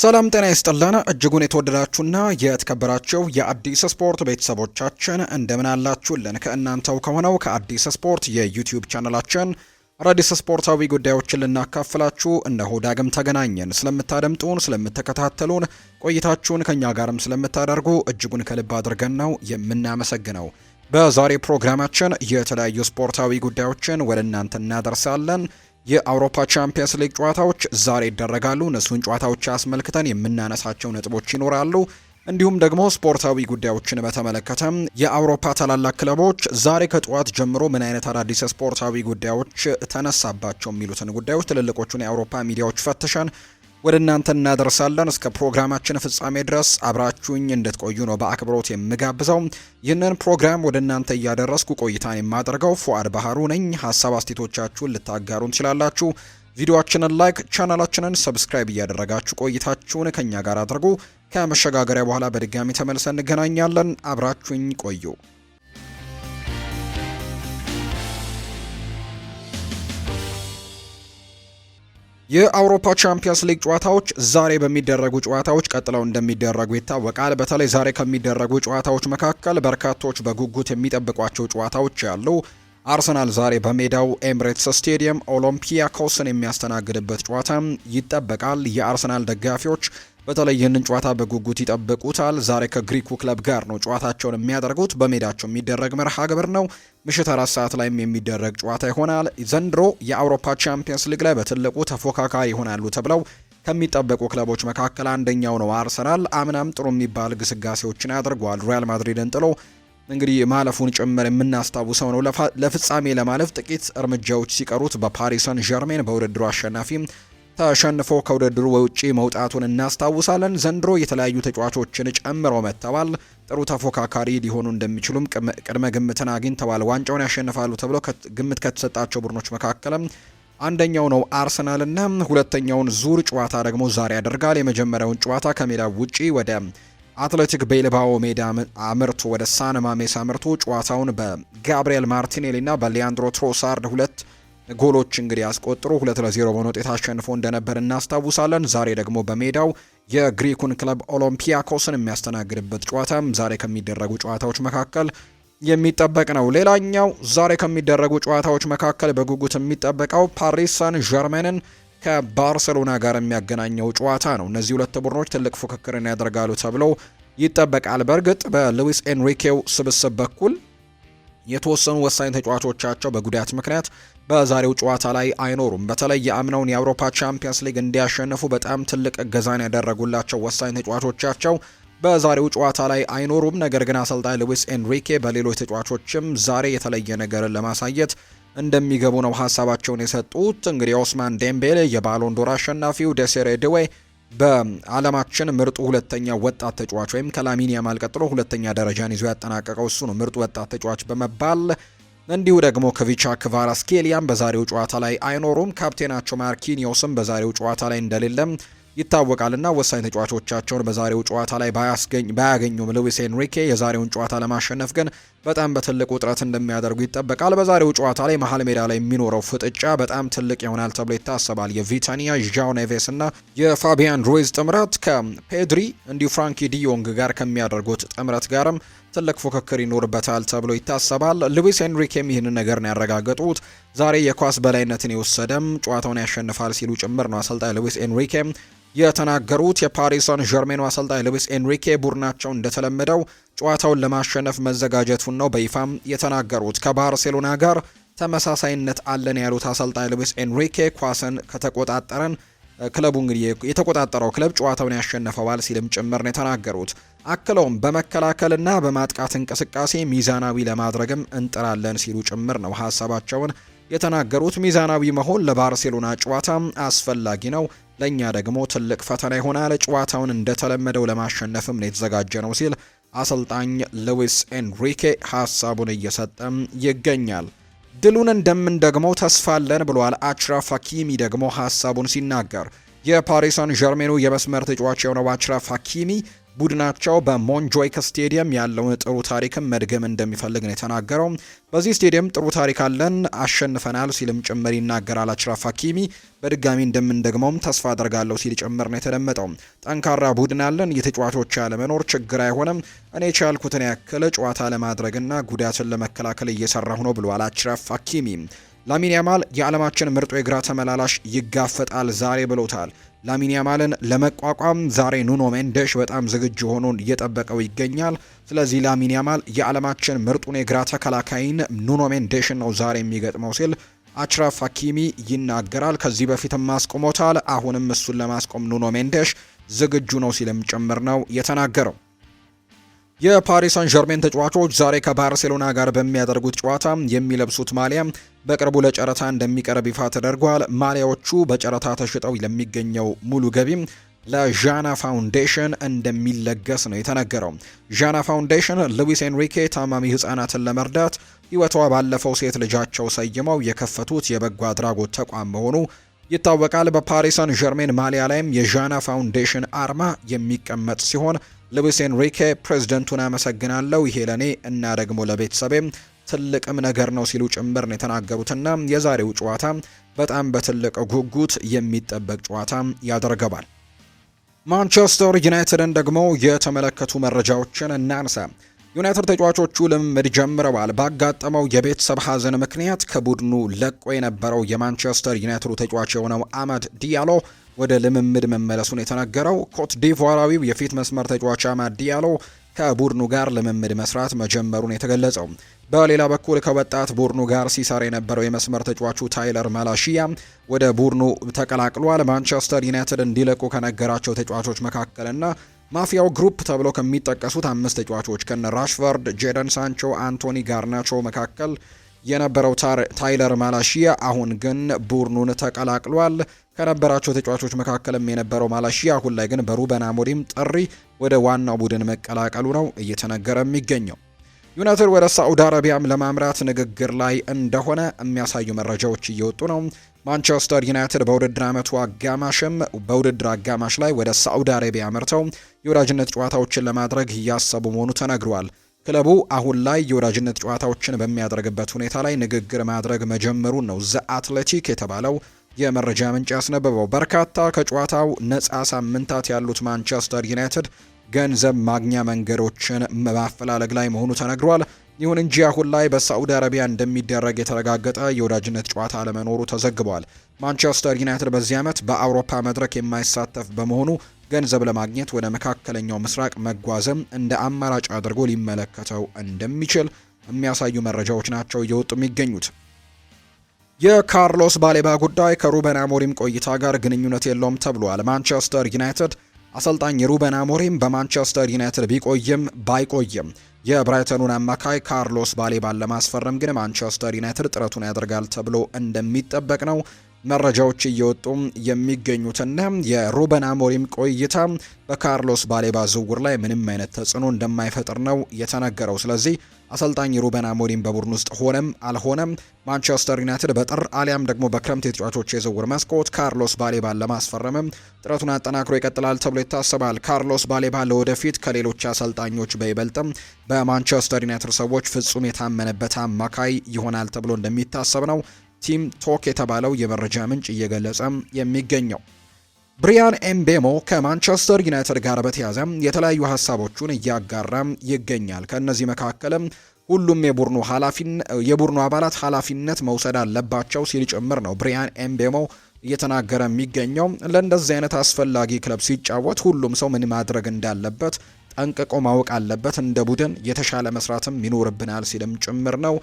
ሰላም ጤና ይስጥልን እጅጉን የተወደዳችሁና የተከበራችሁ የአዲስ ስፖርት ቤተሰቦቻችን እንደምን አላችሁልን? ከእናንተው ከሆነው ከአዲስ ስፖርት የዩቲዩብ ቻናላችን አዳዲስ ስፖርታዊ ጉዳዮችን ልናካፍላችሁ እነሆ ዳግም ተገናኘን። ስለምታደምጡን፣ ስለምትከታተሉን፣ ቆይታችሁን ከእኛ ጋርም ስለምታደርጉ እጅጉን ከልብ አድርገን ነው የምናመሰግነው። በዛሬ ፕሮግራማችን የተለያዩ ስፖርታዊ ጉዳዮችን ወደ እናንተ እናደርሳለን። የአውሮፓ ቻምፒየንስ ሊግ ጨዋታዎች ዛሬ ይደረጋሉ። እነሱን ጨዋታዎች አስመልክተን የምናነሳቸው ነጥቦች ይኖራሉ። እንዲሁም ደግሞ ስፖርታዊ ጉዳዮችን በተመለከተ የአውሮፓ ታላላቅ ክለቦች ዛሬ ከጠዋት ጀምሮ ምን አይነት አዳዲስ ስፖርታዊ ጉዳዮች ተነሳባቸው የሚሉትን ጉዳዮች ትልልቆቹን የአውሮፓ ሚዲያዎች ፈትሸን ወደ እናንተ እናደርሳለን። እስከ ፕሮግራማችን ፍጻሜ ድረስ አብራችሁኝ እንድትቆዩ ነው በአክብሮት የምጋብዘው። ይህንን ፕሮግራም ወደ እናንተ እያደረስኩ ቆይታን የማደርገው ፉአድ ባህሩ ነኝ። ሀሳብ አስቴቶቻችሁን ልታጋሩን ትችላላችሁ። ቪዲዮችንን ላይክ፣ ቻናላችንን ሰብስክራይብ እያደረጋችሁ ቆይታችሁን ከእኛ ጋር አድርጉ። ከመሸጋገሪያ በኋላ በድጋሚ ተመልሰን እንገናኛለን። አብራችሁኝ ቆዩ። የአውሮፓ ቻምፒየንስ ሊግ ጨዋታዎች ዛሬ በሚደረጉ ጨዋታዎች ቀጥለው እንደሚደረጉ ይታወቃል። በተለይ ዛሬ ከሚደረጉ ጨዋታዎች መካከል በርካቶች በጉጉት የሚጠብቋቸው ጨዋታዎች ያሉ አርሰናል ዛሬ በሜዳው ኤምሬትስ ስቴዲየም ኦሎምፒያኮስን የሚያስተናግድበት ጨዋታ ይጠበቃል። የአርሰናል ደጋፊዎች በተለይ ይህንን ጨዋታ በጉጉት ይጠብቁታል። ዛሬ ከግሪኩ ክለብ ጋር ነው ጨዋታቸውን የሚያደርጉት። በሜዳቸው የሚደረግ መርሃ ግብር ነው። ምሽት አራት ሰዓት ላይም የሚደረግ ጨዋታ ይሆናል። ዘንድሮ የአውሮፓ ቻምፒየንስ ሊግ ላይ በትልቁ ተፎካካሪ ይሆናሉ ተብለው ከሚጠበቁ ክለቦች መካከል አንደኛው ነው አርሰናል። አምናም ጥሩ የሚባል ግስጋሴዎችን አድርጓል። ሪያል ማድሪድን ጥሎ እንግዲህ ማለፉን ጭምር የምናስታውሰው ነው። ለፍጻሜ ለማለፍ ጥቂት እርምጃዎች ሲቀሩት በፓሪሰን ጀርሜን በውድድሩ አሸናፊም ተሸንፎ ከውድድሩ ውጪ መውጣቱን እናስታውሳለን። ዘንድሮ የተለያዩ ተጫዋቾችን ጨምረው መጥተዋል። ጥሩ ተፎካካሪ ሊሆኑ እንደሚችሉም ቅድመ ግምትን አግኝተዋል። ዋንጫውን ያሸንፋሉ ተብሎ ግምት ከተሰጣቸው ቡድኖች መካከልም አንደኛው ነው አርሰናልና ሁለተኛውን ዙር ጨዋታ ደግሞ ዛሬ ያደርጋል። የመጀመሪያውን ጨዋታ ከሜዳ ውጪ ወደ አትሌቲክ ቤልባኦ ሜዳ አምርቶ ወደ ሳን ማሜስ አምርቶ ጨዋታውን በጋብሪኤል ማርቲኔሊና በሊያንድሮ ትሮሳርድ ሁለት ጎሎች እንግዲህ ያስቆጥሩ ሁለት ለዜሮ በሆነ ውጤት አሸንፎ እንደነበር እናስታውሳለን። ዛሬ ደግሞ በሜዳው የግሪኩን ክለብ ኦሎምፒያኮስን የሚያስተናግድበት ጨዋታም ዛሬ ከሚደረጉ ጨዋታዎች መካከል የሚጠበቅ ነው። ሌላኛው ዛሬ ከሚደረጉ ጨዋታዎች መካከል በጉጉት የሚጠበቀው ፓሪስ ሳን ዠርሜንን ከባርሰሎና ጋር የሚያገናኘው ጨዋታ ነው። እነዚህ ሁለት ቡድኖች ትልቅ ፉክክርን ያደርጋሉ ተብሎ ይጠበቃል። በእርግጥ በሉዊስ ኤንሪኬው ስብስብ በኩል የተወሰኑ ወሳኝ ተጫዋቾቻቸው በጉዳት ምክንያት በዛሬው ጨዋታ ላይ አይኖሩም። በተለይ የአምናውን የአውሮፓ ቻምፒየንስ ሊግ እንዲያሸንፉ በጣም ትልቅ እገዛን ያደረጉላቸው ወሳኝ ተጫዋቾቻቸው በዛሬው ጨዋታ ላይ አይኖሩም። ነገር ግን አሰልጣኝ ሉዊስ ኤንሪኬ በሌሎች ተጫዋቾችም ዛሬ የተለየ ነገርን ለማሳየት እንደሚገቡ ነው ሀሳባቸውን የሰጡት። እንግዲህ ኦስማን ዴምቤሌ የባሎንዶር አሸናፊው፣ ደሴሬ ድዌ በዓለማችን ምርጡ ሁለተኛ ወጣት ተጫዋች ወይም ከላሚን ያማል ቀጥሎ ሁለተኛ ደረጃን ይዞ ያጠናቀቀው እሱ ነው ምርጡ ወጣት ተጫዋች በመባል እንዲሁ ደግሞ ከቪቻ ክቫራትስኬሊያም በዛሬው ጨዋታ ላይ አይኖሩም። ካፕቴናቸው ማርኪኒዮስም በዛሬው ጨዋታ ላይ እንደሌለም ይታወቃልና ወሳኝ ተጫዋቾቻቸውን በዛሬው ጨዋታ ላይ ባያገኙም ሉዊስ ኤንሪኬ የዛሬውን ጨዋታ ለማሸነፍ ግን በጣም በትልቁ ውጥረት እንደሚያደርጉ ይጠበቃል። በዛሬው ጨዋታ ላይ መሀል ሜዳ ላይ የሚኖረው ፍጥጫ በጣም ትልቅ ይሆናል ተብሎ ይታሰባል። የቪታኒያ ዣው ኔቬስ እና የፋቢያን ሩይዝ ጥምረት ከፔድሪ እንዲሁ ፍራንኪ ዲዮንግ ጋር ከሚያደርጉት ጥምረት ጋርም ትልቅ ፉክክር ይኖርበታል ተብሎ ይታሰባል። ሉዊስ ሄንሪኬም ይህንን ነገር ነው ያረጋገጡት። ዛሬ የኳስ በላይነትን የወሰደም ጨዋታውን ያሸንፋል ሲሉ ጭምር ነው አሰልጣኝ ሉዊስ ሄንሪኬም የተናገሩት የፓሪሰን ጀርሜኑ አሰልጣኝ ሉዊስ ኤንሪኬ ቡድናቸው እንደተለመደው ጨዋታውን ለማሸነፍ መዘጋጀቱን ነው በይፋም የተናገሩት። ከባርሴሎና ጋር ተመሳሳይነት አለን ያሉት አሰልጣኝ ሉዊስ ኤንሪኬ ኳስን ከተቆጣጠረን ክለቡ እንግዲህ የተቆጣጠረው ክለብ ጨዋታውን ያሸነፈዋል ሲልም ጭምር ነው የተናገሩት። አክለውም በመከላከልና በማጥቃት እንቅስቃሴ ሚዛናዊ ለማድረግም እንጥራለን ሲሉ ጭምር ነው ሀሳባቸውን የተናገሩት። ሚዛናዊ መሆን ለባርሴሎና ጨዋታ አስፈላጊ ነው። ለእኛ ደግሞ ትልቅ ፈተና ይሆናል። ጨዋታውን እንደተለመደው ለማሸነፍም ነው የተዘጋጀ ነው ሲል አሰልጣኝ ሉዊስ ኤንሪኬ ሀሳቡን እየሰጠም ይገኛል። ድሉን እንደምን ደግሞ ተስፋለን ብሏል። አችራፍ ሀኪሚ ደግሞ ሀሳቡን ሲናገር የፓሪስ ጀርሜኑ የመስመር ተጫዋች የሆነው አችራፍ ሀኪሚ ቡድናቸው በሞንጆይክ ስቴዲየም ያለውን ጥሩ ታሪክም መድገም እንደሚፈልግ ነው የተናገረው። በዚህ ስቴዲየም ጥሩ ታሪክ አለን፣ አሸንፈናል ሲልም ጭምር ይናገራል። አችራፍ ሀኪሚ በድጋሚ እንደምንደግመውም ተስፋ አደርጋለሁ ሲል ጭምር ነው የተደመጠው። ጠንካራ ቡድን አለን፣ የተጫዋቾች ያለመኖር ችግር አይሆንም። እኔ ቻልኩትን ያክል ጨዋታ ለማድረግና ጉዳትን ለመከላከል እየሰራሁ ነው ብሏል አችራፍ ሀኪሚ። ላሚን ያማል የዓለማችን ምርጡ የግራ ተመላላሽ ይጋፈጣል ዛሬ ብሎታል። ላሚን ያማልን ለመቋቋም ዛሬ ኑኖ ሜንዴሽ በጣም ዝግጁ ሆኖን እየጠበቀው ይገኛል። ስለዚህ ላሚን ያማል የዓለማችን ምርጡን የግራ ተከላካይን ኑኖ ሜንዴሽን ነው ዛሬ የሚገጥመው ሲል አችራፍ ሀኪሚ ይናገራል። ከዚህ በፊትም አስቆሞታል። አሁንም እሱን ለማስቆም ኑኖ ሜንዴሽ ዝግጁ ነው ሲልም ጭምር ነው የተናገረው። የፓሪስ ሳን ጀርሜን ተጫዋቾች ዛሬ ከባርሴሎና ጋር በሚያደርጉት ጨዋታ የሚለብሱት ማሊያ በቅርቡ ለጨረታ እንደሚቀርብ ይፋ ተደርጓል። ማሊያዎቹ በጨረታ ተሽጠው ለሚገኘው ሙሉ ገቢም ለዣና ፋውንዴሽን እንደሚለገስ ነው የተነገረው። ዣና ፋውንዴሽን ሉዊስ ኤንሪኬ ታማሚ ህጻናትን ለመርዳት ህይወቷ ባለፈው ሴት ልጃቸው ሰይመው የከፈቱት የበጎ አድራጎት ተቋም መሆኑ ይታወቃል። በፓሪሰን ጀርሜን ማሊያ ላይም የዣና ፋውንዴሽን አርማ የሚቀመጥ ሲሆን ሉዊስ ኤንሪኬ ፕሬዝደንቱን አመሰግናለሁ፣ ይሄ ለእኔ እና ደግሞ ለቤተሰቤም ትልቅም ነገር ነው ሲሉ ጭምር ነው የተናገሩትና የዛሬው ጨዋታ በጣም በትልቅ ጉጉት የሚጠበቅ ጨዋታ ያደርገዋል። ማንቸስተር ዩናይትድን ደግሞ የተመለከቱ መረጃዎችን እናንሳ። ዩናይትድ ተጫዋቾቹ ልምምድ ጀምረዋል። ባጋጠመው የቤተሰብ ሀዘን ምክንያት ከቡድኑ ለቆ የነበረው የማንቸስተር ዩናይትዱ ተጫዋች የሆነው አማድ ዲያሎ ወደ ልምምድ መመለሱን የተነገረው ኮት ዲቮራዊው የፊት መስመር ተጫዋች አማድ ዲያሎ ከቡድኑ ጋር ልምምድ መስራት መጀመሩን የተገለጸው። በሌላ በኩል ከወጣት ቡድኑ ጋር ሲሰራ የነበረው የመስመር ተጫዋቹ ታይለር ማላሺያ ወደ ቡድኑ ተቀላቅሏል። ማንቸስተር ዩናይትድ እንዲለቁ ከነገራቸው ተጫዋቾች መካከልና ማፊያው ግሩፕ ተብሎ ከሚጠቀሱት አምስት ተጫዋቾች ከነ ራሽፈርድ፣ ጄደን ሳንቾ፣ አንቶኒ ጋርናቾ መካከል የነበረው ታይለር ማላሺያ አሁን ግን ቡድኑን ተቀላቅሏል። ከነበራቸው ተጫዋቾች መካከልም የነበረው ማላሺያ አሁን ላይ ግን በሩበን አሞሪም ጥሪ ወደ ዋናው ቡድን መቀላቀሉ ነው እየተነገረ የሚገኘው። ዩናይትድ ወደ ሳዑዲ አረቢያም ለማምራት ንግግር ላይ እንደሆነ የሚያሳዩ መረጃዎች እየወጡ ነው። ማንቸስተር ዩናይትድ በውድድር ዓመቱ አጋማሽም በውድድር አጋማሽ ላይ ወደ ሳዑዲ አረቢያ አምርተው የወዳጅነት ጨዋታዎችን ለማድረግ እያሰቡ መሆኑ ተነግሯል። ክለቡ አሁን ላይ የወዳጅነት ጨዋታዎችን በሚያደርግበት ሁኔታ ላይ ንግግር ማድረግ መጀመሩን ነው ዘ አትሌቲክ የተባለው የመረጃ ምንጭ ያስነበበው። በርካታ ከጨዋታው ነፃ ሳምንታት ያሉት ማንቸስተር ዩናይትድ ገንዘብ ማግኛ መንገዶችን ማፈላለግ ላይ መሆኑ ተነግሯል። ይሁን እንጂ አሁን ላይ በሳዑዲ አረቢያ እንደሚደረግ የተረጋገጠ የወዳጅነት ጨዋታ አለመኖሩ ተዘግቧል። ማንቸስተር ዩናይትድ በዚህ ዓመት በአውሮፓ መድረክ የማይሳተፍ በመሆኑ ገንዘብ ለማግኘት ወደ መካከለኛው ምስራቅ መጓዝም እንደ አማራጭ አድርጎ ሊመለከተው እንደሚችል የሚያሳዩ መረጃዎች ናቸው እየወጡ የሚገኙት። የካርሎስ ባሌባ ጉዳይ ከሩበን አሞሪም ቆይታ ጋር ግንኙነት የለውም ተብሏል። ማንቸስተር ዩናይትድ አሰልጣኝ ሩበን አሞሪም በማንቸስተር ዩናይትድ ቢቆይም ባይቆይም የብራይተኑን አማካይ ካርሎስ ባሌባን ለማስፈረም ግን ማንቸስተር ዩናይትድ ጥረቱን ያደርጋል ተብሎ እንደሚጠበቅ ነው መረጃዎች እየወጡ የሚገኙትና የሩበን አሞሪም ቆይታ በካርሎስ ባሌባ ዝውውር ላይ ምንም አይነት ተጽዕኖ እንደማይፈጥር ነው የተነገረው። ስለዚህ አሰልጣኝ ሩበን አሞሪም በቡድን ውስጥ ሆነም አልሆነም ማንቸስተር ዩናይትድ በጥር አሊያም ደግሞ በክረምት የተጫዋቾች የዝውውር መስኮት ካርሎስ ባሌባን ለማስፈረምም ጥረቱን አጠናክሮ ይቀጥላል ተብሎ ይታሰባል። ካርሎስ ባሌባ ለወደፊት ከሌሎች አሰልጣኞች በይበልጥም በማንቸስተር ዩናይትድ ሰዎች ፍጹም የታመነበት አማካይ ይሆናል ተብሎ እንደሚታሰብ ነው ቲም ቶክ የተባለው የመረጃ ምንጭ እየገለጸም የሚገኘው ብሪያን ኤምቤሞ ከማንቸስተር ዩናይትድ ጋር በተያዘ የተለያዩ ሀሳቦቹን እያጋራም ይገኛል። ከእነዚህ መካከልም ሁሉም የቡድኑ አባላት ኃላፊነት መውሰድ አለባቸው ሲል ጭምር ነው ብሪያን ኤምቤሞ እየተናገረ የሚገኘው። ለእንደዚህ አይነት አስፈላጊ ክለብ ሲጫወት ሁሉም ሰው ምን ማድረግ እንዳለበት ጠንቅቆ ማወቅ አለበት። እንደ ቡድን የተሻለ መስራትም ይኖርብናል ሲልም ጭምር ነው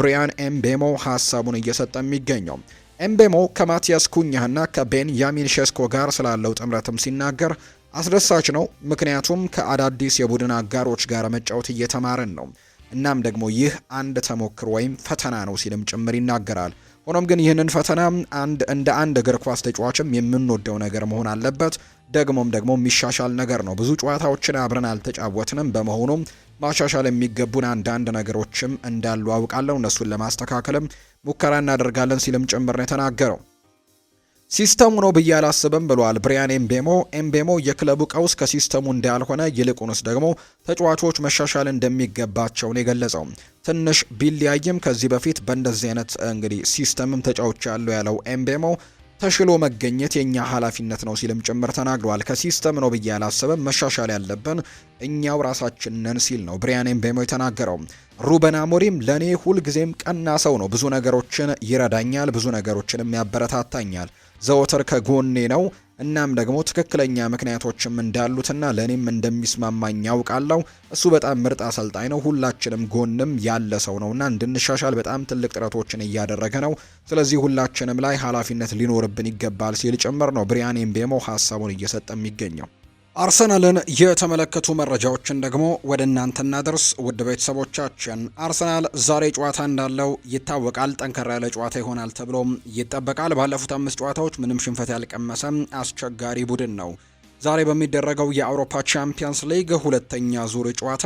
ብሪያን ኤምቤሞ ሀሳቡን እየሰጠ የሚገኘው። ኤምቤሞ ከማቲያስ ኩኛህና ከቤንያሚን ሸስኮ ጋር ስላለው ጥምረትም ሲናገር አስደሳች ነው፣ ምክንያቱም ከአዳዲስ የቡድን አጋሮች ጋር መጫወት እየተማረን ነው። እናም ደግሞ ይህ አንድ ተሞክሮ ወይም ፈተና ነው ሲልም ጭምር ይናገራል። ሆኖም ግን ይህንን ፈተና አንድ እንደ አንድ እግር ኳስ ተጫዋችም የምንወደው ነገር መሆን አለበት። ደግሞም ደግሞ የሚሻሻል ነገር ነው። ብዙ ጨዋታዎችን አብረን አልተጫወትንም። በመሆኑም ማሻሻል የሚገቡን አንዳንድ ነገሮችም እንዳሉ አውቃለሁ። እነሱን ለማስተካከልም ሙከራ እናደርጋለን ሲልም ጭምር ነው የተናገረው። ሲስተሙ ነው ብዬ አላስብም ብሏል ብሪያን ኤምቤሞ። ኤምቤሞ የክለቡ ቀውስ ከሲስተሙ እንዳልሆነ ይልቁንስ ደግሞ ተጫዋቾች መሻሻል እንደሚገባቸው ነው የገለጸው። ትንሽ ቢለያይም ከዚህ በፊት በእንደዚህ አይነት እንግዲህ ሲስተምም ተጫዎች ያለው ያለው ኤምቤሞ ተሽሎ መገኘት የእኛ ኃላፊነት ነው ሲልም ጭምር ተናግሯል። ከሲስተም ነው ብዬ ያላሰበም መሻሻል ያለብን እኛው ራሳችንን ሲል ነው ብሪያን ኤምቤሞ የተናገረው። ሩበን አሞሪም ለእኔ ሁልጊዜም ቀና ሰው ነው። ብዙ ነገሮችን ይረዳኛል፣ ብዙ ነገሮችንም ያበረታታኛል። ዘወትር ከጎኔ ነው እናም ደግሞ ትክክለኛ ምክንያቶችም እንዳሉትና ለእኔም እንደሚስማማኝ ያውቃለሁ። እሱ በጣም ምርጥ አሰልጣኝ ነው፣ ሁላችንም ጎንም ያለ ሰው ነውና እንድንሻሻል በጣም ትልቅ ጥረቶችን እያደረገ ነው። ስለዚህ ሁላችንም ላይ ኃላፊነት ሊኖርብን ይገባል ሲል ጭምር ነው ብሪያን ኤምቤሞ ሀሳቡን እየሰጠ የሚገኘው። አርሰናልን የተመለከቱ መረጃዎችን ደግሞ ወደ እናንተ እናደርስ። ውድ ቤተሰቦቻችን አርሰናል ዛሬ ጨዋታ እንዳለው ይታወቃል። ጠንከራ ያለ ጨዋታ ይሆናል ተብሎ ይጠበቃል። ባለፉት አምስት ጨዋታዎች ምንም ሽንፈት ያልቀመሰ አስቸጋሪ ቡድን ነው። ዛሬ በሚደረገው የአውሮፓ ቻምፒየንስ ሊግ ሁለተኛ ዙር ጨዋታ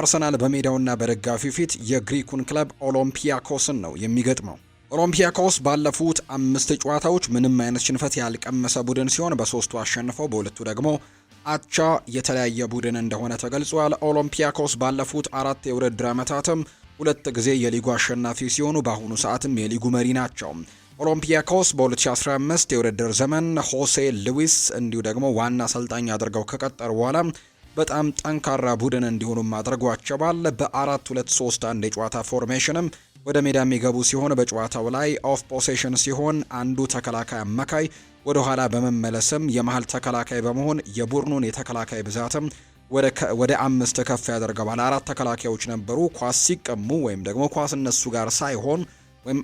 አርሰናል በሜዳውና በደጋፊው ፊት የግሪኩን ክለብ ኦሎምፒያኮስን ነው የሚገጥመው። ኦሎምፒያኮስ ባለፉት አምስት ጨዋታዎች ምንም አይነት ሽንፈት ያልቀመሰ ቡድን ሲሆን በሶስቱ አሸንፈው በሁለቱ ደግሞ አቻ የተለያየ ቡድን እንደሆነ ተገልጿል። ኦሎምፒያኮስ ባለፉት አራት የውድድር ዓመታትም ሁለት ጊዜ የሊጉ አሸናፊ ሲሆኑ በአሁኑ ሰዓትም የሊጉ መሪ ናቸው። ኦሎምፒያኮስ በ2015 የውድድር ዘመን ሆሴ ሉዊስ እንዲሁ ደግሞ ዋና አሰልጣኝ አድርገው ከቀጠሩ በኋላ በጣም ጠንካራ ቡድን እንዲሆኑም አድርጓቸዋል። በአራት ሁለት ሶስት አንድ የጨዋታ ፎርሜሽንም ወደ ሜዳ የሚገቡ ሲሆን በጨዋታው ላይ ኦፍ ፖሴሽን ሲሆን አንዱ ተከላካይ አማካይ ወደ ኋላ በመመለስም የመሀል ተከላካይ በመሆን የቡድኑን የተከላካይ ብዛትም ወደ አምስት ከፍ ያደርገዋል። አራት ተከላካዮች ነበሩ። ኳስ ሲቀሙ ወይም ደግሞ ኳስ እነሱ ጋር ሳይሆን ወይም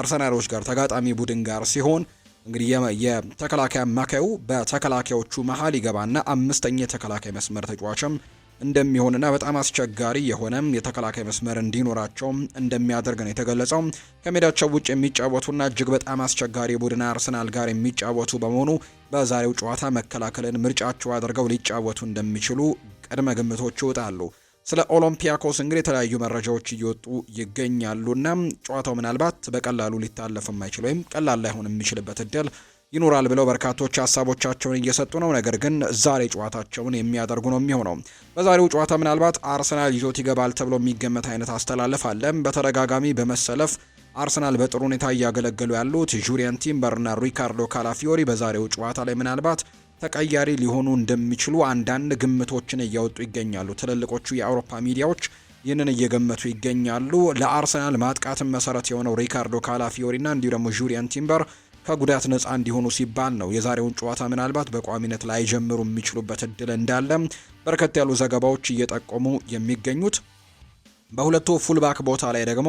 አርሰናሎች ጋር ተጋጣሚ ቡድን ጋር ሲሆን እንግዲህ የተከላካይ አማካዩ በተከላካዮቹ መሀል ይገባና አምስተኛ የተከላካይ መስመር ተጫዋችም እንደሚሆንና በጣም አስቸጋሪ የሆነም የተከላካይ መስመር እንዲኖራቸውም እንደሚያደርግ ነው የተገለጸው። ከሜዳቸው ውጭ የሚጫወቱና እጅግ በጣም አስቸጋሪ ቡድን አርሰናል ጋር የሚጫወቱ በመሆኑ በዛሬው ጨዋታ መከላከልን ምርጫቸው አድርገው ሊጫወቱ እንደሚችሉ ቅድመ ግምቶች ይወጣሉ። ስለ ኦሎምፒያኮስ እንግዲህ የተለያዩ መረጃዎች እየወጡ ይገኛሉና ጨዋታው ምናልባት በቀላሉ ሊታለፍ የማይችል ወይም ቀላል ላይሆን የሚችልበት እድል ይኖራል ብለው በርካቶች ሀሳቦቻቸውን እየሰጡ ነው። ነገር ግን ዛሬ ጨዋታቸውን የሚያደርጉ ነው የሚሆነው። በዛሬው ጨዋታ ምናልባት አርሰናል ይዞት ይገባል ተብሎ የሚገመት አይነት አስተላለፍ በተደጋጋሚ በመሰለፍ አርሰናል በጥሩ ሁኔታ እያገለገሉ ያሉት ጁሪየን ቲምበርና ሪካርዶ ካላፊዮሪ በዛሬው ጨዋታ ላይ ምናልባት ተቀያሪ ሊሆኑ እንደሚችሉ አንዳንድ ግምቶችን እያወጡ ይገኛሉ። ትልልቆቹ የአውሮፓ ሚዲያዎች ይህንን እየገመቱ ይገኛሉ። ለአርሰናል ማጥቃትን መሰረት የሆነው ሪካርዶ ካላፊዮሪና እንዲሁ ደግሞ ጁሪየን ቲምበር ከጉዳት ነጻ እንዲሆኑ ሲባል ነው። የዛሬውን ጨዋታ ምናልባት በቋሚነት ላይ ጀምሩ የሚችሉበት እድል እንዳለ በርከት ያሉ ዘገባዎች እየጠቆሙ የሚገኙት። በሁለቱ ፉልባክ ቦታ ላይ ደግሞ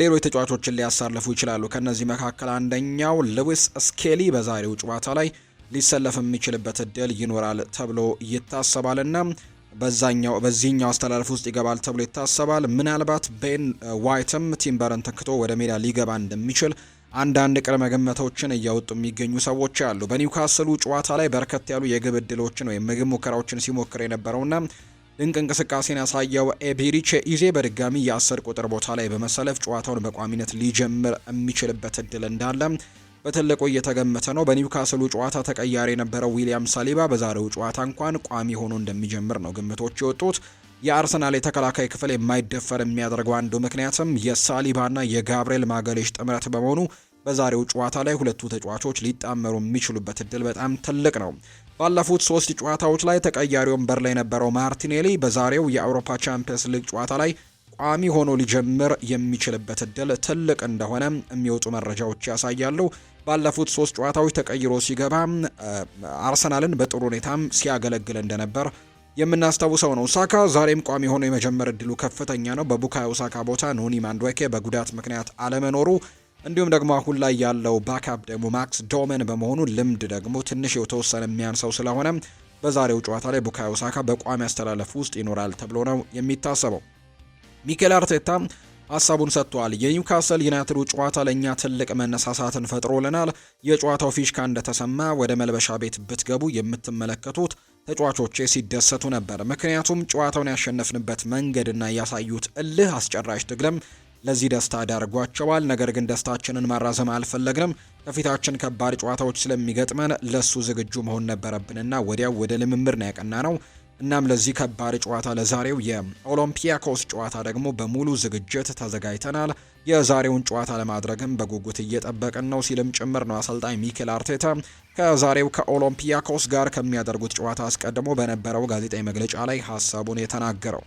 ሌሎች ተጫዋቾችን ሊያሳልፉ ይችላሉ። ከእነዚህ መካከል አንደኛው ልዊስ ስኬሊ በዛሬው ጨዋታ ላይ ሊሰለፍ የሚችልበት እድል ይኖራል ተብሎ ይታሰባልና በዛኛው በዚህኛው አስተላለፍ ውስጥ ይገባል ተብሎ ይታሰባል። ምናልባት ቤን ዋይትም ቲምበርን ተክቶ ወደ ሜዳ ሊገባ እንደሚችል አንዳንድ ቅድመ ግምቶችን እያወጡ የሚገኙ ሰዎች አሉ። በኒውካስሉ ጨዋታ ላይ በርከት ያሉ የግብ እድሎችን ወይም ምግብ ሙከራዎችን ሲሞክር የነበረውና ድንቅ እንቅስቃሴን ያሳየው ኤቢሪቼ ኢዜ በድጋሚ የአስር ቁጥር ቦታ ላይ በመሰለፍ ጨዋታውን በቋሚነት ሊጀምር የሚችልበት እድል እንዳለ በትልቁ እየተገመተ ነው። በኒውካስሉ ጨዋታ ተቀያሪ የነበረው ዊሊያም ሳሊባ በዛሬው ጨዋታ እንኳን ቋሚ ሆኖ እንደሚጀምር ነው ግምቶች የወጡት። የአርሰናል የተከላካይ ክፍል የማይደፈር የሚያደርገው አንዱ ምክንያትም የሳሊባና የጋብርኤል ማገሌሽ ጥምረት በመሆኑ በዛሬው ጨዋታ ላይ ሁለቱ ተጫዋቾች ሊጣመሩ የሚችሉበት እድል በጣም ትልቅ ነው። ባለፉት ሶስት ጨዋታዎች ላይ ተቀያሪ ወንበር ላይ የነበረው ማርቲኔሊ በዛሬው የአውሮፓ ቻምፒየንስ ሊግ ጨዋታ ላይ ቋሚ ሆኖ ሊጀምር የሚችልበት እድል ትልቅ እንደሆነ የሚወጡ መረጃዎች ያሳያሉ። ባለፉት ሶስት ጨዋታዎች ተቀይሮ ሲገባ አርሰናልን በጥሩ ሁኔታም ሲያገለግል እንደነበር የምናስታውሰው ነው። ሳካ ዛሬም ቋሚ ሆኖ የመጀመር እድሉ ከፍተኛ ነው። በቡካዮ ሳካ ቦታ ኖኒ ማንድዌኬ በጉዳት ምክንያት አለመኖሩ እንዲሁም ደግሞ አሁን ላይ ያለው ባክአፕ ደግሞ ማክስ ዶመን በመሆኑ ልምድ ደግሞ ትንሽ የተወሰነ የሚያንሰው ስለሆነ በዛሬው ጨዋታ ላይ ቡካዮ ሳካ በቋሚ አስተላለፍ ውስጥ ይኖራል ተብሎ ነው የሚታሰበው። ሚኬል አርቴታ ሀሳቡን ሰጥቷል። የኒውካስል ዩናይትዱ ጨዋታ ለእኛ ትልቅ መነሳሳትን ፈጥሮልናል። የጨዋታው ፊሽካ እንደተሰማ ወደ መልበሻ ቤት ብትገቡ የምትመለከቱት ተጫዋቾቼ ሲደሰቱ ነበር። ምክንያቱም ጨዋታውን ያሸነፍንበት መንገድና ያሳዩት እልህ አስጨራሽ ትግልም ለዚህ ደስታ ዳርጓቸዋል። ነገር ግን ደስታችንን ማራዘም አልፈለግንም። ከፊታችን ከባድ ጨዋታዎች ስለሚገጥመን ለሱ ዝግጁ መሆን ነበረብንና ወዲያው ወደ ልምምድ ነው ያቀና ነው። እናም ለዚህ ከባድ ጨዋታ ለዛሬው የኦሎምፒያኮስ ጨዋታ ደግሞ በሙሉ ዝግጅት ተዘጋጅተናል። የዛሬውን ጨዋታ ለማድረግም በጉጉት እየጠበቅን ነው ሲልም ጭምር ነው አሰልጣኝ ሚኬል አርቴታ ከዛሬው ከኦሎምፒያኮስ ጋር ከሚያደርጉት ጨዋታ አስቀድሞ በነበረው ጋዜጣዊ መግለጫ ላይ ሀሳቡን የተናገረው።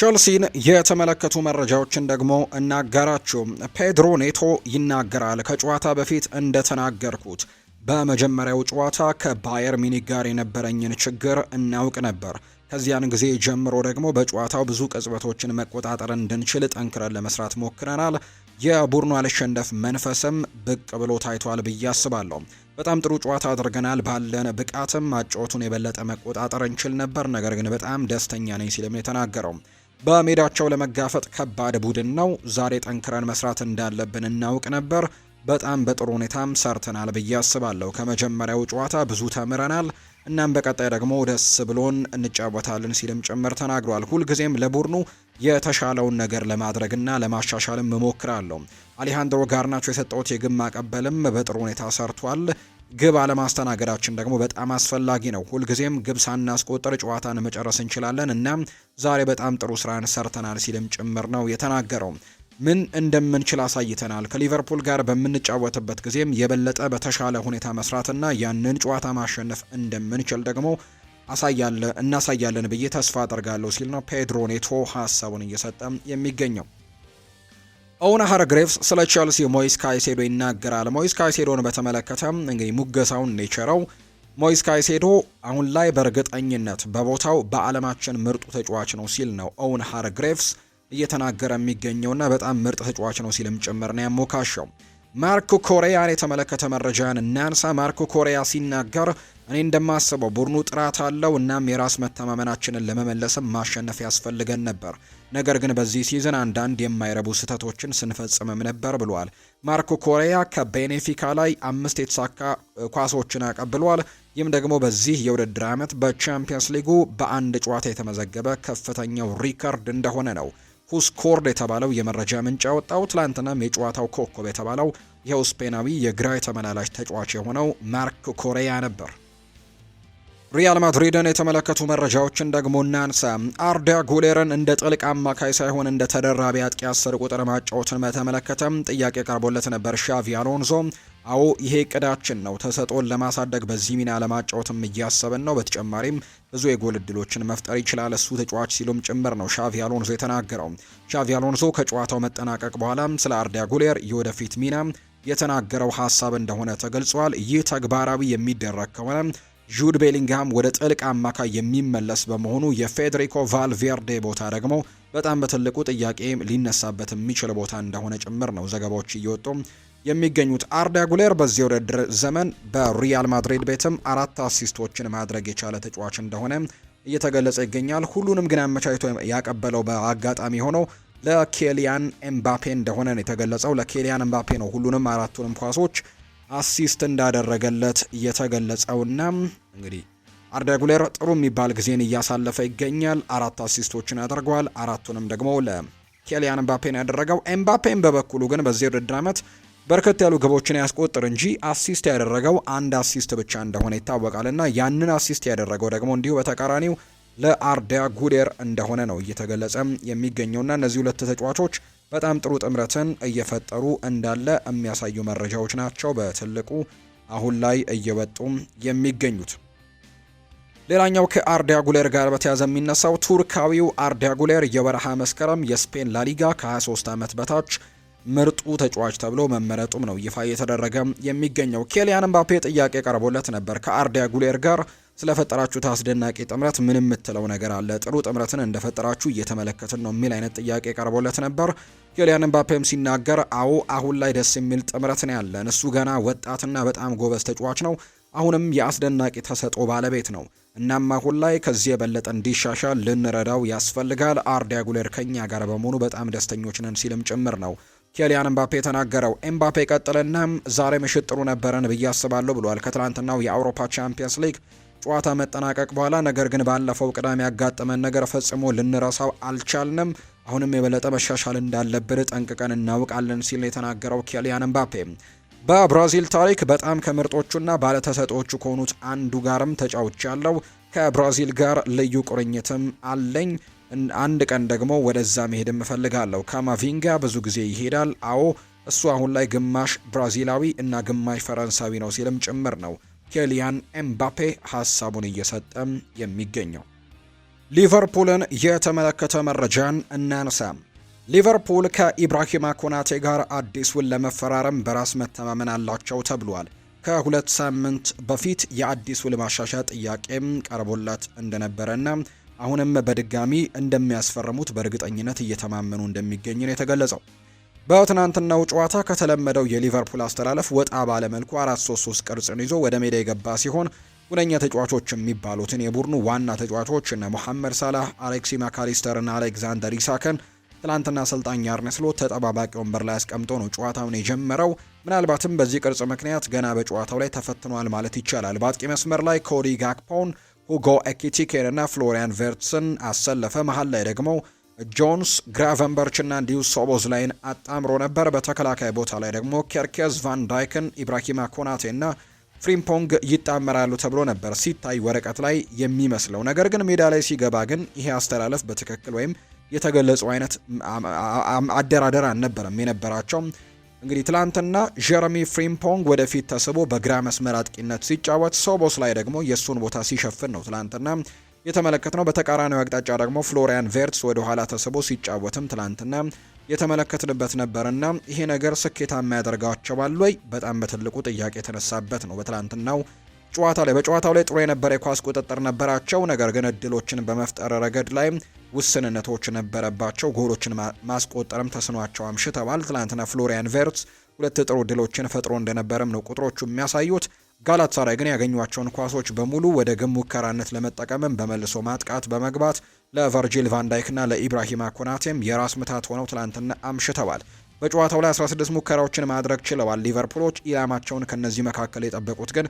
ቸልሲን የተመለከቱ መረጃዎችን ደግሞ እናገራችሁ ፔድሮ ኔቶ ይናገራል። ከጨዋታ በፊት እንደተናገርኩት በመጀመሪያው ጨዋታ ከባየር ሚኒክ ጋር የነበረኝን ችግር እናውቅ ነበር። ከዚያን ጊዜ ጀምሮ ደግሞ በጨዋታው ብዙ ቅጽበቶችን መቆጣጠር እንድንችል ጠንክረን ለመስራት ሞክረናል። የቡድኑ አልሸነፍ መንፈስም ብቅ ብሎ ታይቷል ብዬ አስባለሁ። በጣም ጥሩ ጨዋታ አድርገናል። ባለን ብቃትም አጫወቱን የበለጠ መቆጣጠር እንችል ነበር። ነገር ግን በጣም ደስተኛ ነኝ ሲልም የተናገረው በሜዳቸው ለመጋፈጥ ከባድ ቡድን ነው። ዛሬ ጠንክረን መስራት እንዳለብን እናውቅ ነበር። በጣም በጥሩ ሁኔታም ሰርተናል ብዬ አስባለሁ። ከመጀመሪያው ጨዋታ ብዙ ተምረናል። እናም በቀጣይ ደግሞ ደስ ብሎን እንጫወታለን ሲልም ጭምር ተናግሯል። ሁልጊዜም ለቡድኑ የተሻለውን ነገር ለማድረግና ለማሻሻልም እሞክራለሁ። አሌሃንድሮ ጋርናቾ የሰጠውት የግብ ማቀበልም በጥሩ ሁኔታ ሰርቷል። ግብ አለማስተናገዳችን ደግሞ በጣም አስፈላጊ ነው። ሁልጊዜም ግብ ሳናስቆጥር ጨዋታን መጨረስ እንችላለን እና ዛሬ በጣም ጥሩ ስራን ሰርተናል ሲልም ጭምር ነው የተናገረው። ምን እንደምንችል አሳይተናል። ከሊቨርፑል ጋር በምንጫወትበት ጊዜም የበለጠ በተሻለ ሁኔታ መስራትና ያንን ጨዋታ ማሸነፍ እንደምንችል ደግሞ አሳያለ እናሳያለን ብዬ ተስፋ አደርጋለሁ ሲል ነው ፔድሮ ኔቶ ሀሳቡን እየሰጠ የሚገኘው። ኦውነ ሃርግሬቭስ ስለ ቸልሲ ሞይስ ካይሴዶ ይናገራል። ሞይስ ካይሴዶን በተመለከተ እንግዲህ ሙገሳውን ኔቸረው ሞይስ ካይሴዶ አሁን ላይ በእርግጠኝነት በቦታው በዓለማችን ምርጡ ተጫዋች ነው ሲል ነው ኦውን ሃርግሬቭስ እየተናገረ የሚገኘውና በጣም ምርጥ ተጫዋች ነው ሲልም ጭምር ነው ያሞካሸው። ማርኮ ኮሪያን የተመለከተ መረጃን እናንሳ። ማርኮ ኮሪያ ሲናገር እኔ እንደማስበው ቡድኑ ጥራት አለው፣ እናም የራስ መተማመናችንን ለመመለስም ማሸነፍ ያስፈልገን ነበር። ነገር ግን በዚህ ሲዝን አንዳንድ የማይረቡ ስህተቶችን ስንፈጽምም ነበር ብሏል። ማርኮ ኮሪያ ከቤኔፊካ ላይ አምስት የተሳካ ኳሶችን አቀብሏል። ይህም ደግሞ በዚህ የውድድር ዓመት በቻምፒየንስ ሊጉ በአንድ ጨዋታ የተመዘገበ ከፍተኛው ሪከርድ እንደሆነ ነው ሁስኮርድ የተባለው የመረጃ ምንጭ ያወጣው ትላንትናም የጨዋታው ኮከብ የተባለው ይኸው ስፔናዊ የግራ የተመላላሽ ተጫዋች የሆነው ማርክ ኮሪያ ነበር። ሪያል ማድሪድን የተመለከቱ መረጃዎችን ደግሞ እናንሳ። አርዳ ጉሌርን እንደ ጥልቅ አማካይ ሳይሆን እንደ ተደራቢ አጥቂ አስር ቁጥር ማጫወትን በተመለከተም ጥያቄ ቀርቦለት ነበር ሻቪ አሎንዞ አዎ ይሄ እቅዳችን ነው። ተሰጥኦን ለማሳደግ በዚህ ሚና ለማጫወትም እያሰብን ነው። በተጨማሪም ብዙ የጎል እድሎችን መፍጠር ይችላል እሱ ተጫዋች ሲሉም ጭምር ነው ሻቪ አሎንሶ የተናገረው። ሻቪ አሎንሶ ከጨዋታው መጠናቀቅ በኋላም ስለ አርዳ ጉሌር የወደፊት ሚና የተናገረው ሀሳብ እንደሆነ ተገልጿል። ይህ ተግባራዊ የሚደረግ ከሆነ ጁድ ቤሊንግሃም ወደ ጥልቅ አማካይ የሚመለስ በመሆኑ የፌዴሪኮ ቫልቬርዴ ቦታ ደግሞ በጣም በትልቁ ጥያቄ ሊነሳበት የሚችል ቦታ እንደሆነ ጭምር ነው ዘገባዎች እየወጡ የሚገኙት አርዳ ጉሌር በዚህ ውድድር ዘመን በሪያል ማድሪድ ቤትም አራት አሲስቶችን ማድረግ የቻለ ተጫዋች እንደሆነ እየተገለጸ ይገኛል። ሁሉንም ግን አመቻችቶ ያቀበለው በአጋጣሚ ሆነው ለኬሊያን ኤምባፔ እንደሆነ ነው የተገለጸው። ለኬሊያን ኤምባፔ ነው ሁሉንም አራቱንም ኳሶች አሲስት እንዳደረገለት እየተገለጸውና እንግዲህ አርዳ ጉሌር ጥሩ የሚባል ጊዜን እያሳለፈ ይገኛል። አራት አሲስቶችን ያደርገዋል። አራቱንም ደግሞ ለኬሊያን ኤምባፔን ያደረገው። ኤምባፔን በበኩሉ ግን በዚህ ውድድር ዓመት በርከት ያሉ ግቦችን ያስቆጥር እንጂ አሲስት ያደረገው አንድ አሲስት ብቻ እንደሆነ እና ያንን አሲስት ያደረገው ደግሞ እንዲሁ በተቃራኒው ለአርዳ ጉዴር እንደሆነ ነው እየተገለጸ የሚገኘውና እነዚህ ሁለት ተጫዋቾች በጣም ጥሩ ጥምረትን እየፈጠሩ እንዳለ የሚያሳዩ መረጃዎች ናቸው በትልቁ አሁን ላይ እየወጡም የሚገኙት። ሌላኛው ከአርዳ ጉሌር ጋር በተያዘ የሚነሳው ቱርካዊው አርዳ ጉሌር የበረሃ መስከረም የስፔን ላሊጋ ከ23 ዓመት በታች ምርጡ ተጫዋች ተብሎ መመረጡም ነው ይፋ እየተደረገ የሚገኘው። ኬሊያን ምባፔ ጥያቄ ቀርቦለት ነበር። ከአርዳ ጉሌር ጋር ስለፈጠራችሁት አስደናቂ ጥምረት ምን የምትለው ነገር አለ? ጥሩ ጥምረትን እንደፈጠራችሁ እየተመለከትን ነው የሚል አይነት ጥያቄ ቀርቦለት ነበር። ኬሊያን ምባፔም ሲናገር አዎ፣ አሁን ላይ ደስ የሚል ጥምረት ነው ያለን። እሱ ገና ወጣትና በጣም ጎበዝ ተጫዋች ነው። አሁንም የአስደናቂ ተሰጦ ባለቤት ነው። እናም አሁን ላይ ከዚህ የበለጠ እንዲሻሻል ልንረዳው ያስፈልጋል። አርዳ ጉሌር ከኛ ጋር በመሆኑ በጣም ደስተኞች ነን ሲልም ጭምር ነው ኬሊያን ኤምባፔ የተናገረው። ኤምባፔ ቀጥልና ዛሬ ምሽት ጥሩ ነበረን ብዬ አስባለሁ ብሏል። ከትላንትናው የአውሮፓ ቻምፒየንስ ሊግ ጨዋታ መጠናቀቅ በኋላ ነገር ግን ባለፈው ቅዳሜ ያጋጠመን ነገር ፈጽሞ ልንረሳው አልቻልንም። አሁንም የበለጠ መሻሻል እንዳለብን ጠንቅቀን እናውቃለን ሲል የተናገረው ኬሊያን ኤምባፔ በብራዚል ታሪክ በጣም ከምርጦቹና ባለተሰጦቹ ከሆኑት አንዱ ጋርም ተጫውቻለሁ። ከብራዚል ጋር ልዩ ቁርኝትም አለኝ። አንድ ቀን ደግሞ ወደዛ መሄድ እፈልጋለሁ። ካማቪንጋ ብዙ ጊዜ ይሄዳል። አዎ እሱ አሁን ላይ ግማሽ ብራዚላዊ እና ግማሽ ፈረንሳዊ ነው ሲልም ጭምር ነው ኬሊያን ኤምባፔ ሀሳቡን እየሰጠም የሚገኘው። ሊቨርፑልን የተመለከተ መረጃን እናንሳ። ሊቨርፑል ከኢብራሂማ ኮናቴ ጋር አዲስ ውል ለመፈራረም በራስ መተማመን አላቸው ተብሏል። ከሁለት ሳምንት በፊት የአዲስ ውል ማሻሻያ ጥያቄም ቀርቦላት እንደነበረና አሁንም በድጋሚ እንደሚያስፈርሙት በእርግጠኝነት እየተማመኑ እንደሚገኝ ነው የተገለጸው። በትናንትናው ጨዋታ ከተለመደው የሊቨርፑል አስተላለፍ ወጣ ባለመልኩ 4-3-3 ቅርጽን ይዞ ወደ ሜዳ የገባ ሲሆን ሁነኛ ተጫዋቾች የሚባሉትን የቡድኑ ዋና ተጫዋቾች እነ ሞሐመድ ሳላህ፣ አሌክሲ እና አሌክዛንደር ኢሳክን ትላንትና አሰልጣኝ አርነ ስሎት ተጠባባቂ ወንበር ላይ አስቀምጦ ነው ጨዋታውን የጀመረው። ምናልባትም በዚህ ቅርጽ ምክንያት ገና በጨዋታው ላይ ተፈትኗል ማለት ይቻላል። በአጥቂ መስመር ላይ ኮዲ ጋክፖን ሁጎ ኤኪቲኬን እና ፍሎሪያን ቨርትስን አሰለፈ። መሀል ላይ ደግሞ ጆንስ ግራቨንበርች እና እንዲሁ ሶቦዝ ላይን አጣምሮ ነበር። በተከላካይ ቦታ ላይ ደግሞ ኬርኬዝ ቫን ዳይክን፣ ኢብራሂማ ኮናቴ እና ፍሪምፖንግ ይጣመራሉ ተብሎ ነበር ሲታይ ወረቀት ላይ የሚመስለው። ነገር ግን ሜዳ ላይ ሲገባ ግን ይሄ አስተላለፍ በትክክል ወይም የተገለጹ አይነት አደራደር አልነበረም የነበራቸውም እንግዲህ ትላንትና ጀረሚ ፍሪምፖንግ ወደፊት ተስቦ በግራ መስመር አጥቂነት ሲጫወት ሶቦስ ላይ ደግሞ የእሱን ቦታ ሲሸፍን ነው ትላንትና የተመለከት ነው። በተቃራኒው አቅጣጫ ደግሞ ፍሎሪያን ቬርትስ ወደ ኋላ ተስቦ ሲጫወትም ትላንትና የተመለከትንበት ነበርና ይሄ ነገር ስኬታማ ያደርጋቸዋል ወይ በጣም በትልቁ ጥያቄ የተነሳበት ነው በትላንትናው ጨዋታ ላይ በጨዋታው ላይ ጥሩ የነበረ የኳስ ቁጥጥር ነበራቸው። ነገር ግን እድሎችን በመፍጠር ረገድ ላይ ውስንነቶች ነበረባቸው። ጎሎችን ማስቆጠርም ተስኗቸው አምሽተዋል። ትላንትና ፍሎሪያን ቬርትስ ሁለት ጥሩ እድሎችን ፈጥሮ እንደነበረም ነው ቁጥሮቹ የሚያሳዩት። ጋላታሳራይ ግን ያገኟቸውን ኳሶች በሙሉ ወደ ግብ ሙከራነት ለመጠቀምም በመልሶ ማጥቃት በመግባት ለቨርጂል ቫንዳይክና ለኢብራሂማ ኮናቴም የራስ ምታት ሆነው ትላንትና አምሽተዋል። በጨዋታው ላይ 16 ሙከራዎችን ማድረግ ችለዋል ሊቨርፑሎች። ኢላማቸውን ከነዚህ መካከል የጠበቁት ግን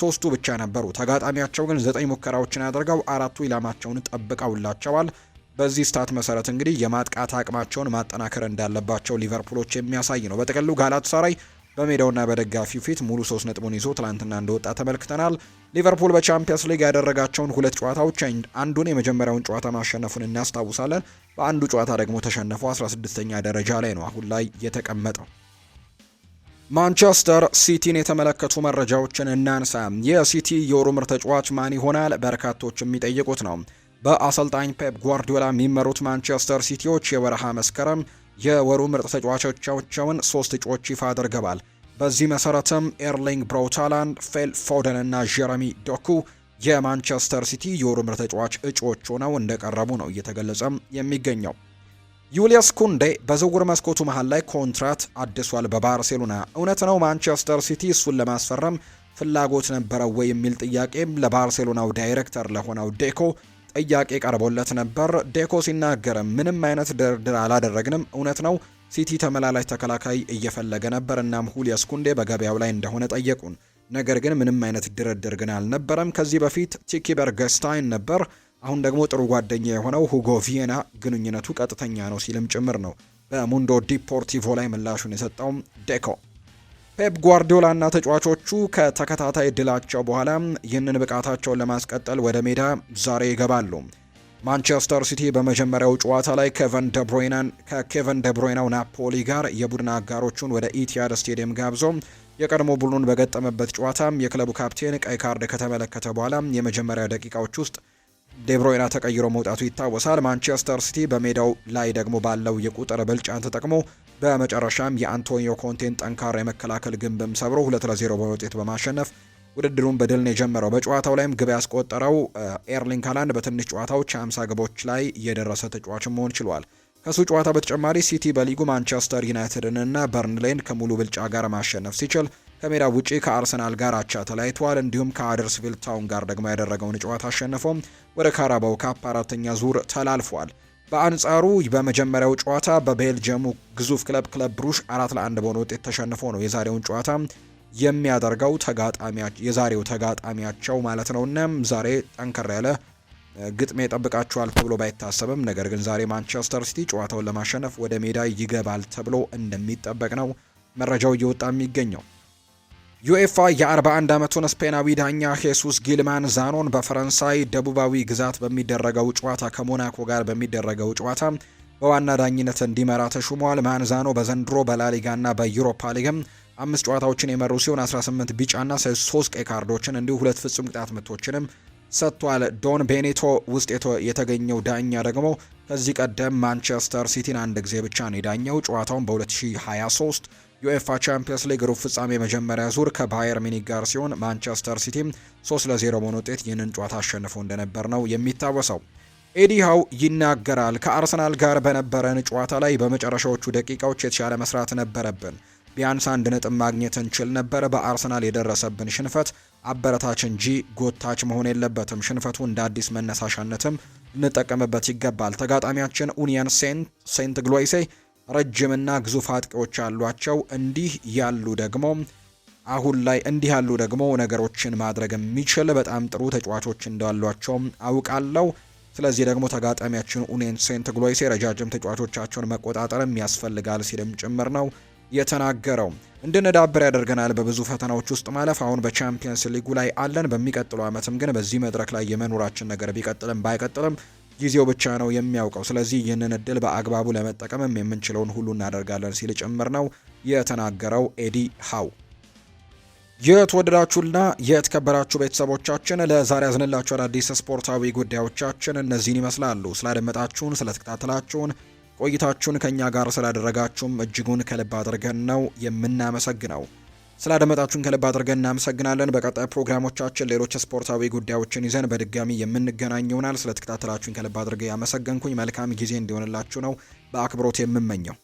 ሶስቱ ብቻ ነበሩ። ተጋጣሚያቸው ግን ዘጠኝ ሙከራዎችን አድርገው አራቱ ኢላማቸውን ጠብቀውላቸዋል። በዚህ ስታት መሰረት እንግዲህ የማጥቃት አቅማቸውን ማጠናከር እንዳለባቸው ሊቨርፑሎች የሚያሳይ ነው። በጥቅሉ ጋላት ሳራይ በሜዳውና በደጋፊው ፊት ሙሉ ሶስት ነጥቡን ይዞ ትላንትና እንደወጣ ተመልክተናል። ሊቨርፑል በቻምፒየንስ ሊግ ያደረጋቸውን ሁለት ጨዋታዎች አንዱን የመጀመሪያውን ጨዋታ ማሸነፉን እናስታውሳለን። በአንዱ ጨዋታ ደግሞ ተሸነፈው 16ኛ ደረጃ ላይ ነው አሁን ላይ የተቀመጠው። ማንቸስተር ሲቲን የተመለከቱ መረጃዎችን እናንሳ። የሲቲ የወሩ ምርጥ ተጫዋች ማን ይሆናል? በርካቶች የሚጠይቁት ነው። በአሰልጣኝ ፔፕ ጓርዲዮላ የሚመሩት ማንቸስተር ሲቲዎች የወርሃ መስከረም የወሩ ምርጥ ተጫዋቾቻቸውን ሶስት እጩዎች ይፋ አድርገዋል። በዚህ መሰረትም ኤርሊንግ ብራውታላንድ፣ ፌል ፎደን እና ጀረሚ ዶኩ የማንቸስተር ሲቲ የወሩ ምርጥ ተጫዋች እጩዎች ሆነው እንደቀረቡ ነው እየተገለጸም የሚገኘው። ዩልየስ ኩንዴ በዝውውር መስኮቱ መሃል ላይ ኮንትራት አድሷል በባርሴሎና። እውነት ነው ማንቸስተር ሲቲ እሱን ለማስፈረም ፍላጎት ነበረው ወይ የሚል ጥያቄም ለባርሴሎናው ዳይሬክተር ለሆነው ዴኮ ጥያቄ ቀርቦለት ነበር። ዴኮ ሲናገር ምንም አይነት ድርድር አላደረግንም፣ እውነት ነው ሲቲ ተመላላሽ ተከላካይ እየፈለገ ነበር፣ እናም ሁሊያስ ኩንዴ በገበያው ላይ እንደሆነ ጠየቁን። ነገር ግን ምንም አይነት ድርድር ግን አልነበረም። ከዚህ በፊት ቲኪ በርገስታይን ነበር አሁን ደግሞ ጥሩ ጓደኛ የሆነው ሁጎ ቪየና ግንኙነቱ ቀጥተኛ ነው ሲልም ጭምር ነው በሙንዶ ዲፖርቲቮ ላይ ምላሹን የሰጠው ዴኮ። ፔፕ እና ተጫዋቾቹ ከተከታታይ ድላቸው በኋላ ይህንን ብቃታቸውን ለማስቀጠል ወደ ሜዳ ዛሬ ይገባሉ። ማንቸስተር ሲቲ በመጀመሪያው ጨዋታ ላይ ኬቨን ደብሮይናን ከኬቨን ደብሮይናው ናፖሊ ጋር የቡድን አጋሮቹን ወደ ኢቲያድ ስቴዲየም ጋብዞ የቀድሞ ቡድኑን በገጠመበት ጨዋታ የክለቡ ካፕቴን ቀይ ካርድ ከተመለከተ በኋላ የመጀመሪያ ደቂቃዎች ውስጥ ዴብሮይና ተቀይሮ መውጣቱ ይታወሳል። ማንቸስተር ሲቲ በሜዳው ላይ ደግሞ ባለው የቁጥር ብልጫን ተጠቅሞ በመጨረሻም የአንቶኒዮ ኮንቴን ጠንካራ የመከላከል ግንብም ሰብሮ ሁለት ለዜሮ በውጤት በማሸነፍ ውድድሩን በድል ነው የጀመረው። በጨዋታው ላይም ግብ ያስቆጠረው ኤርሊንግ ሃላንድ በትንሽ ጨዋታዎች 50 ግቦች ላይ የደረሰ ተጫዋች መሆን ችሏል። ከሱ ጨዋታ በተጨማሪ ሲቲ በሊጉ ማንቸስተር ዩናይትድን እና በርንሌን ከሙሉ ብልጫ ጋር ማሸነፍ ሲችል ከሜዳ ውጪ ከአርሰናል ጋር አቻ ተለያይተዋል። እንዲሁም ከአደርስቪል ታውን ጋር ደግሞ ያደረገውን ጨዋታ አሸንፎም ወደ ካራባው ካፕ አራተኛ ዙር ተላልፏል። በአንጻሩ በመጀመሪያው ጨዋታ በቤልጅየሙ ግዙፍ ክለብ ክለብ ብሩሽ አራት ለአንድ በሆነ ውጤት ተሸንፎ ነው የዛሬውን ጨዋታ የሚያደርገው የዛሬው ተጋጣሚያቸው ማለት እናም ዛሬ ጠንከር ያለ ግጥሜ ይጠብቃቸዋል ተብሎ ባይታሰብም ነገር ግን ዛሬ ማንቸስተር ሲቲ ጨዋታውን ለማሸነፍ ወደ ሜዳ ይገባል ተብሎ እንደሚጠበቅ ነው መረጃው እየወጣ የሚገኘው። ዩኤፋ የ41 ዓመቱን ስፔናዊ ዳኛ ሄሱስ ጊልማን ዛኖን በፈረንሳይ ደቡባዊ ግዛት በሚደረገው ጨዋታ ከሞናኮ ጋር በሚደረገው ጨዋታ በዋና ዳኝነት እንዲመራ ተሹሟል። ማንዛኖ በዘንድሮ በላሊጋና በዩሮፓ ሊግም አምስት ጨዋታዎችን የመሩ ሲሆን 18 ቢጫና 3 ቀይ ካርዶችን እንዲሁ ሁለት ፍጹም ቅጣት ምቶችንም ሰጥቷል። ዶን ቤኔቶ ውስጥ የተገኘው ዳኛ ደግሞ ከዚህ ቀደም ማንቸስተር ሲቲን አንድ ጊዜ ብቻ ነው የዳኘው። ጨዋታውን በ2023 ዩኤፋ ቻምፒየንስ ሊግ ሩብ ፍጻሜ መጀመሪያ ዙር ከባየር ሚኒክ ጋር ሲሆን ማንቸስተር ሲቲም 3 ለ0 በሆነ ውጤት ይህንን ጨዋታ አሸንፎ እንደነበር ነው የሚታወሰው። ኤዲሃው ይናገራል። ከአርሰናል ጋር በነበረን ጨዋታ ላይ በመጨረሻዎቹ ደቂቃዎች የተሻለ መስራት ነበረብን ቢያንስ አንድ ነጥብ ማግኘት እንችል ነበር። በአርሰናል የደረሰብን ሽንፈት አበረታች እንጂ ጎታች መሆን የለበትም። ሽንፈቱ እንደ አዲስ መነሳሻነትም እንጠቀምበት ይገባል። ተጋጣሚያችን ኡኒየን ሴንት ግሎይሴ ረጅምና ግዙፍ አጥቂዎች ያሏቸው እንዲህ ያሉ ደግሞ አሁን ላይ እንዲህ ያሉ ደግሞ ነገሮችን ማድረግ የሚችል በጣም ጥሩ ተጫዋቾች እንዳሏቸውም አውቃለሁ። ስለዚህ ደግሞ ተጋጣሚያችን ኡኔን ሴንት ግሎይሴ ረጃጅም ተጫዋቾቻቸውን መቆጣጠርም ያስፈልጋል ሲልም ጭምር ነው የተናገረው። እንድንዳብር ያደርገናል በብዙ ፈተናዎች ውስጥ ማለፍ። አሁን በቻምፒየንስ ሊጉ ላይ አለን። በሚቀጥለው ዓመትም ግን በዚህ መድረክ ላይ የመኖራችን ነገር ቢቀጥልም ባይቀጥልም ጊዜው ብቻ ነው የሚያውቀው። ስለዚህ ይህንን እድል በአግባቡ ለመጠቀምም የምንችለውን ሁሉ እናደርጋለን ሲል ጭምር ነው የተናገረው ኤዲ ሃው። የተወደዳችሁና የተከበራችሁ ቤተሰቦቻችን ለዛሬ ያዝንላችሁ አዳዲስ ስፖርታዊ ጉዳዮቻችን እነዚህን ይመስላሉ። ስላደመጣችሁን፣ ስለተከታተላችሁን ቆይታችሁን ከእኛ ጋር ስላደረጋችሁም እጅጉን ከልብ አድርገን ነው የምናመሰግነው። ስላደመጣችሁን ከልብ አድርገን እናመሰግናለን። በቀጣይ ፕሮግራሞቻችን ሌሎች ስፖርታዊ ጉዳዮችን ይዘን በድጋሚ የምንገናኝ ይሆናል። ስለተከታተላችሁን ከልብ አድርገ ያመሰገንኩኝ መልካም ጊዜ እንዲሆንላችሁ ነው በአክብሮት የምመኘው።